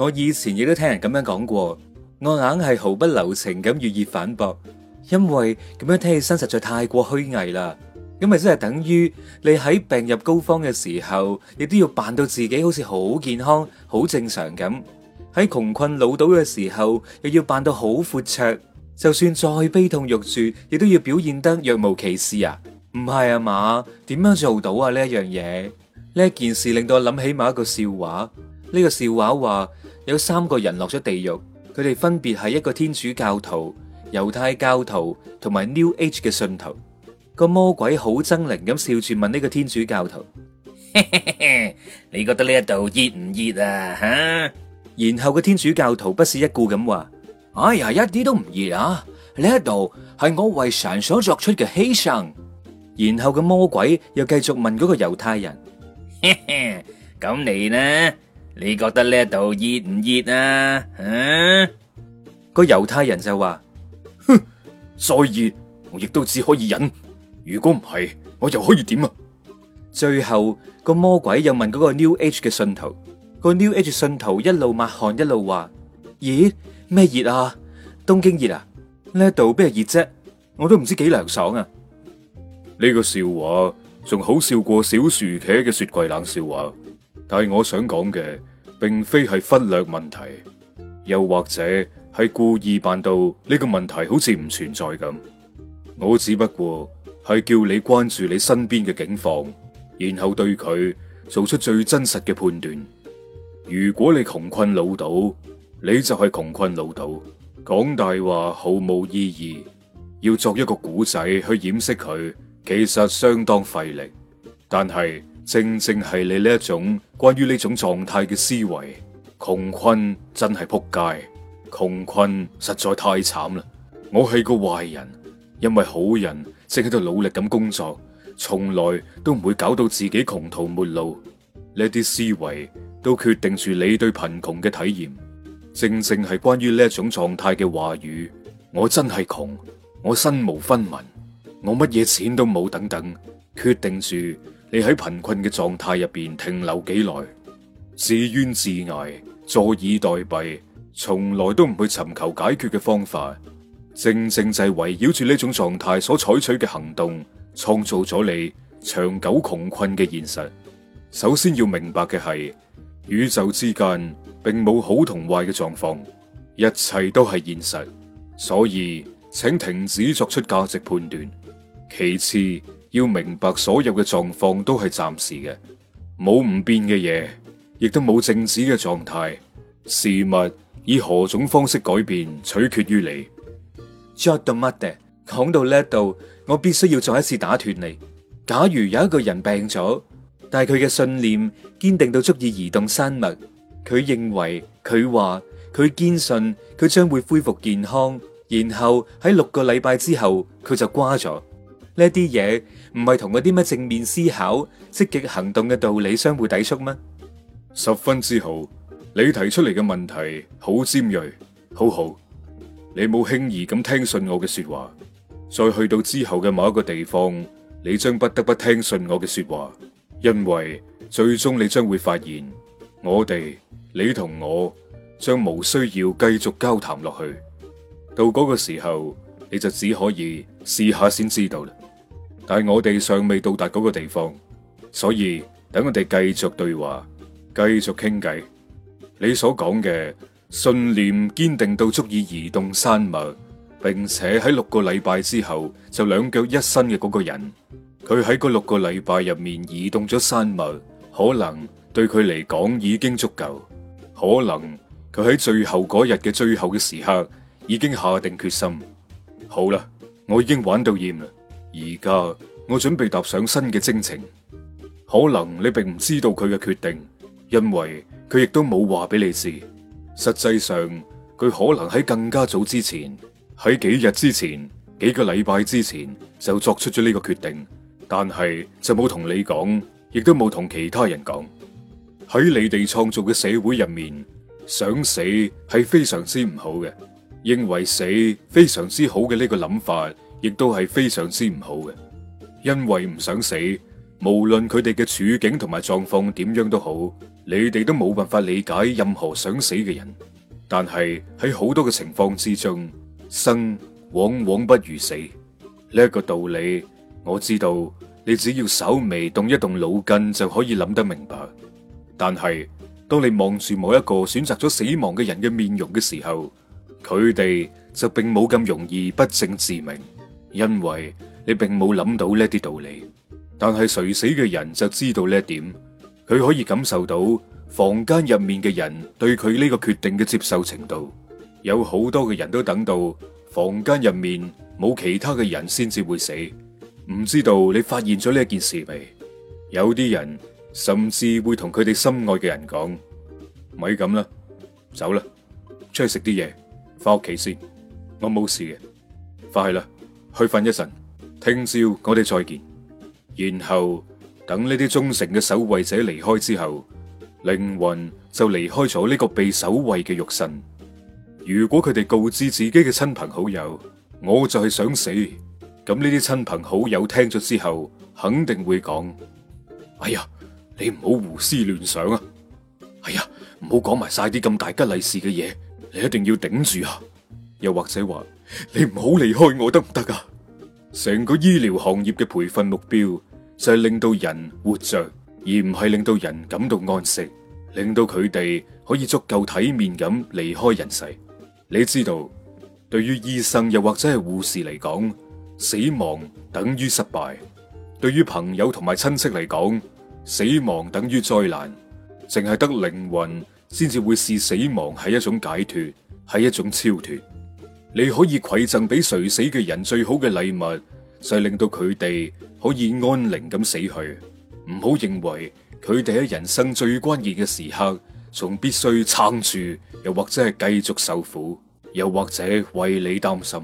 我以前亦都聽人咁樣講過，我硬係毫不留情咁予以反駁，因為咁樣聽起身實在太過虛偽啦。咁咪真係等於你喺病入膏肓嘅時候，亦都要扮到自己好似好健康、好正常咁；喺窮困潦倒嘅時候，又要扮到好闊綽。就算再悲痛欲絕，亦都要表現得若無其事啊！唔係啊嘛？點樣做到啊？呢一樣嘢，呢一件事令到我諗起某一個笑話。呢個笑話話有三個人落咗地獄，佢哋分別係一個天主教徒、猶太教徒同埋 New Age 嘅信徒。個魔鬼好猙獰咁笑住問呢個天主教徒：， 你覺得呢一度熱唔熱啊？吓！然後個天主教徒不屑一顧咁話：，哎呀，一啲都唔熱啊！呢一度係我為神所作出嘅犧牲。然後個魔鬼又繼續問嗰個猶太人：，嘿嘿，咁你呢？你覺得呢一度熱唔熱啊？個猶太人就話：，哼，再熱我亦都只可以忍。如果唔係，我又可以點啊？最後個魔鬼又問嗰個 New Age 嘅信徒：，個 New Age 信徒一路抹汗，一路話：，咦，咩熱啊？東京熱啊？呢一度咩熱啫？我都唔知幾涼爽啊！呢個笑話仲好笑過小薯茄嘅雪櫃冷笑話，但係我想講嘅。並非係忽略問題，又或者係故意扮到呢個問題好似唔存在咁。我只不過係叫你關注你身邊嘅境況，然後對佢做出最真實嘅判斷。如果你窮困老土，你就係窮困老土，講大話毫無意義。要作一個古仔去掩飾佢，其實相當費力。但係。正正係你呢一種關於呢種狀態嘅思維，窮困真係仆街，窮困實在太慘啦！我係個壞人，因為好人正喺度努力咁工作，從來都唔會搞到自己窮途末路。呢啲思維都決定住你對貧窮嘅體驗。正正係關於呢一種狀態嘅話語，我真係窮，我身無分文，我乜嘢錢都冇，等等，決定住。你喺貧困嘅狀態入邊停留幾耐，自怨自艾，坐以待斃，從來都唔去尋求解決嘅方法，正正就係圍繞住呢種狀態所採取嘅行動，創造咗你長久窮困嘅現實。首先要明白嘅係，宇宙之間並冇好同壞嘅狀況，一切都係現實，所以請停止作出價值判斷。其次，要明白所有嘅狀況都係暫時嘅，冇唔變嘅嘢，亦都冇靜止嘅狀態。事物以何種方式改變，取決於你。Jack e 着到乜嘅？講到呢度，我必須要再一次打斷你。假如有一個人病咗，但係佢嘅信念堅定到足以移動山脈，佢認為、佢話、佢堅信佢將會恢復健康，然後喺六個禮拜之後，佢就瓜咗。呢啲嘢唔係同我啲咩正面思考、積極行動嘅道理相互抵觸咩？十分之好，你提出嚟嘅問題好尖銳，好好，你冇輕易咁聽信我嘅說話。再去到之後嘅某一個地方，你將不得不聽信我嘅說話，因為最終你將會發現，我哋，你同我，將無需要繼續交談落去。到嗰個時候，你就只可以試下先知道啦。但係我哋尚未到達嗰個地方，所以等我哋繼續對話、繼續傾偈。你所講嘅信念堅定到足以移動山脈，並且喺六個禮拜之後就兩腳一伸嘅嗰個人，佢喺嗰六個禮拜入面移動咗山脈，可能對佢嚟講已經足夠，可能佢喺最後嗰日嘅最後嘅時刻已經下定決心。好啦，我已經玩到厭啦。而家我準備踏上新嘅征程，可能你並唔知道佢嘅決定，因為佢亦都冇話俾你知。實際上，佢可能喺更加早之前，喺幾日之前、幾個禮拜之前就作出咗呢個決定，但係就冇同你講，亦都冇同其他人講。喺你哋創造嘅社會入面，想死係非常之唔好嘅，認為死非常之好嘅呢個諗法，亦都係非常之唔好嘅，因為唔想死，無論佢哋嘅處境同埋狀況點樣都好，你哋都冇辦法理解任何想死嘅人。但係喺好多嘅情況之中，生往往不如死呢一個道理，我知道你只要稍微動一動腦筋就可以諗得明白。但係當你望住某一個選擇咗死亡嘅人嘅面容嘅時候，佢哋就並冇咁容易不證自明。因為你並冇諗到呢啲道理，但係垂死嘅人就知道呢一點，佢可以感受到房間入面嘅人對佢呢個決定嘅接受程度。有好多嘅人都等到房間入面冇其他嘅人先至會死。唔知道你發現咗呢一件事未？有啲人甚至會同佢哋心愛嘅人講：咪咁啦，走啦，出去食啲嘢，翻屋企先。我冇事嘅，快去啦！去瞓一陣，聽朝我哋再見。然後等呢啲忠誠嘅守衛者離開之後，靈魂就離開咗呢個被守衛嘅肉身。如果佢哋告知自己嘅親朋好友，我就係想死，咁呢啲親朋好友聽咗之後，肯定會講：哎呀，你唔好胡思亂想啊！哎呀，唔好講埋晒啲咁大吉利是嘅嘢，你一定要頂住啊！又或者話。你唔好離開我得唔得啊？成個醫療行業嘅培訓目標就係令到人活着，而唔係令到人感到安息，令到佢哋可以足夠體面咁離開人世。你知道，對於醫生又或者係護士嚟講，死亡等於失敗；對於朋友同埋親戚嚟講，死亡等於災難。淨係得靈魂先至會視死亡係一種解脫，係一種超脫。你可以饋贈俾垂死嘅人最好嘅禮物，就係令到佢哋可以安寧咁死去。唔好認為佢哋喺人生最關鍵嘅時刻，仲必須撐住，又或者係繼續受苦，又或者為你擔心。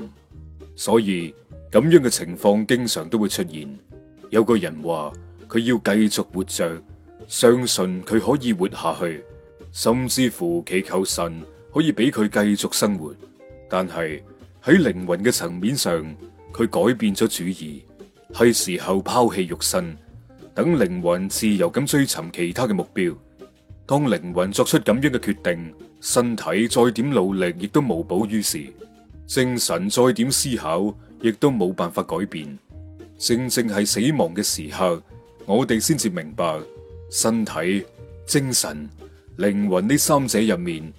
所以咁樣嘅情況經常都會出現。有個人話佢要繼續活着，相信佢可以活下去，甚至乎祈求神可以俾佢繼續生活。但係喺靈魂嘅層面上，佢改變咗主意，係時候拋棄肉身，等靈魂自由咁追尋其他嘅目標。當靈魂作出咁樣嘅決定，身體再點努力亦都無補於事，精神再點思考亦都冇辦法改變。正正係死亡嘅時刻，我哋先至明白身體、精神、靈魂呢三者入面，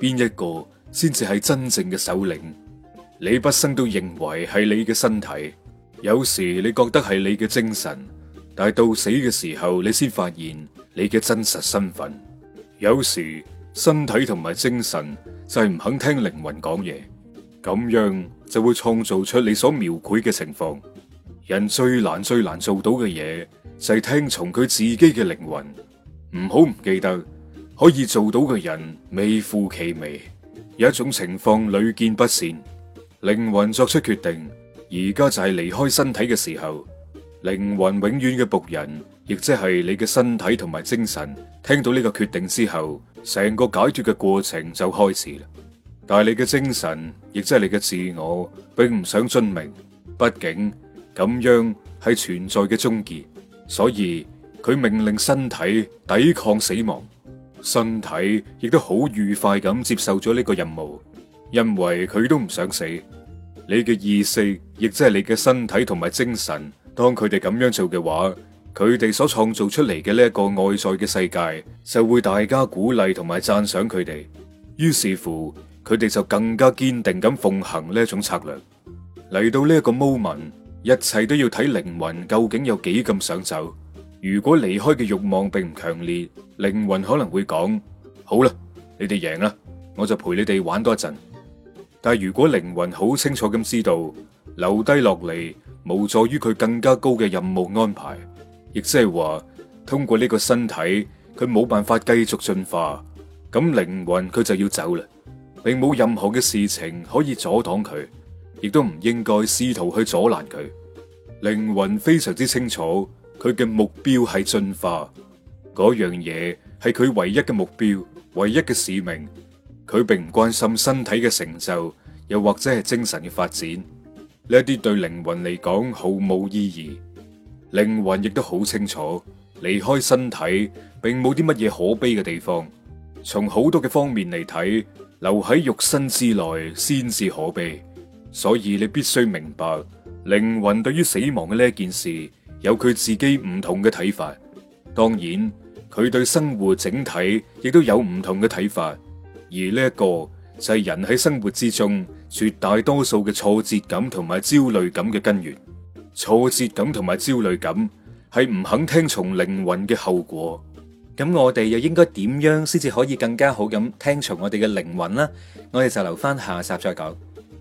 邊一個。先至係真正嘅首領。你畢生都認為係你嘅身體，有時你覺得係你嘅精神，但係到死嘅時候，你先發現你嘅真實身份。有時身體同埋精神就係唔肯聽靈魂講嘢，咁樣就會創造出你所描繪嘅情況。人最難、最難做到嘅嘢就係、是、聽從佢自己嘅靈魂。唔好唔記得，可以做到嘅人微乎其微。有一種情況屢見不鮮，靈魂作出決定，而家就係離開身體嘅時候。靈魂永遠嘅僕人，亦即係你嘅身體同埋精神，聽到呢個決定之後，成個解脫嘅過程就開始啦。但係你嘅精神，亦即係你嘅自我，並唔想遵命，畢竟咁樣係存在嘅終結，所以佢命令身體抵抗死亡。身體亦都好愉快咁接受咗呢個任務，因為佢都唔想死。你嘅意識亦即係你嘅身體同埋精神，當佢哋咁樣做嘅話，佢哋所創造出嚟嘅呢一個外在嘅世界，就會大家鼓勵同埋讚賞佢哋。於是乎，佢哋就更加堅定咁奉行呢一種策略。嚟到呢一個 moment，一切都要睇靈魂究竟有幾咁想走。如果離開嘅欲望並唔強烈，靈魂可能會講：好啦，你哋贏啦，我就陪你哋玩多一陣。但如果靈魂好清楚咁知道留低落嚟無助於佢更加高嘅任務安排，亦即係話通過呢個身體佢冇辦法繼續進化，咁靈魂佢就要走啦，並冇任何嘅事情可以阻擋佢，亦都唔應該試圖去阻攔佢。靈魂非常之清楚。佢嘅目標係進化，嗰樣嘢係佢唯一嘅目標，唯一嘅使命。佢並唔關心身體嘅成就，又或者係精神嘅發展。呢一啲對靈魂嚟講毫無意義。靈魂亦都好清楚，離開身體並冇啲乜嘢可悲嘅地方。從好多嘅方面嚟睇，留喺肉身之內先至可悲。所以你必須明白，靈魂對於死亡嘅呢一件事。有佢自己唔同嘅睇法，當然佢對生活整體亦都有唔同嘅睇法，而呢、這、一個就係、是、人喺生活之中絕大多數嘅挫折感同埋焦慮感嘅根源。挫折感同埋焦慮感係唔肯聽從靈魂嘅後果。咁我哋又應該點樣先至可以更加好咁聽從我哋嘅靈魂呢？我哋就留翻下集再講。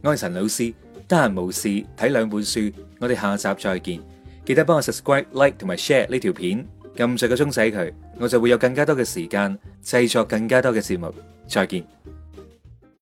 愛神老師，得閒無事睇兩本書，我哋下集再見。記得幫我 subscribe、like 同埋 share 呢條片，撳著個鐘仔佢，我就會有更加多嘅時間製作更加多嘅節目。再見。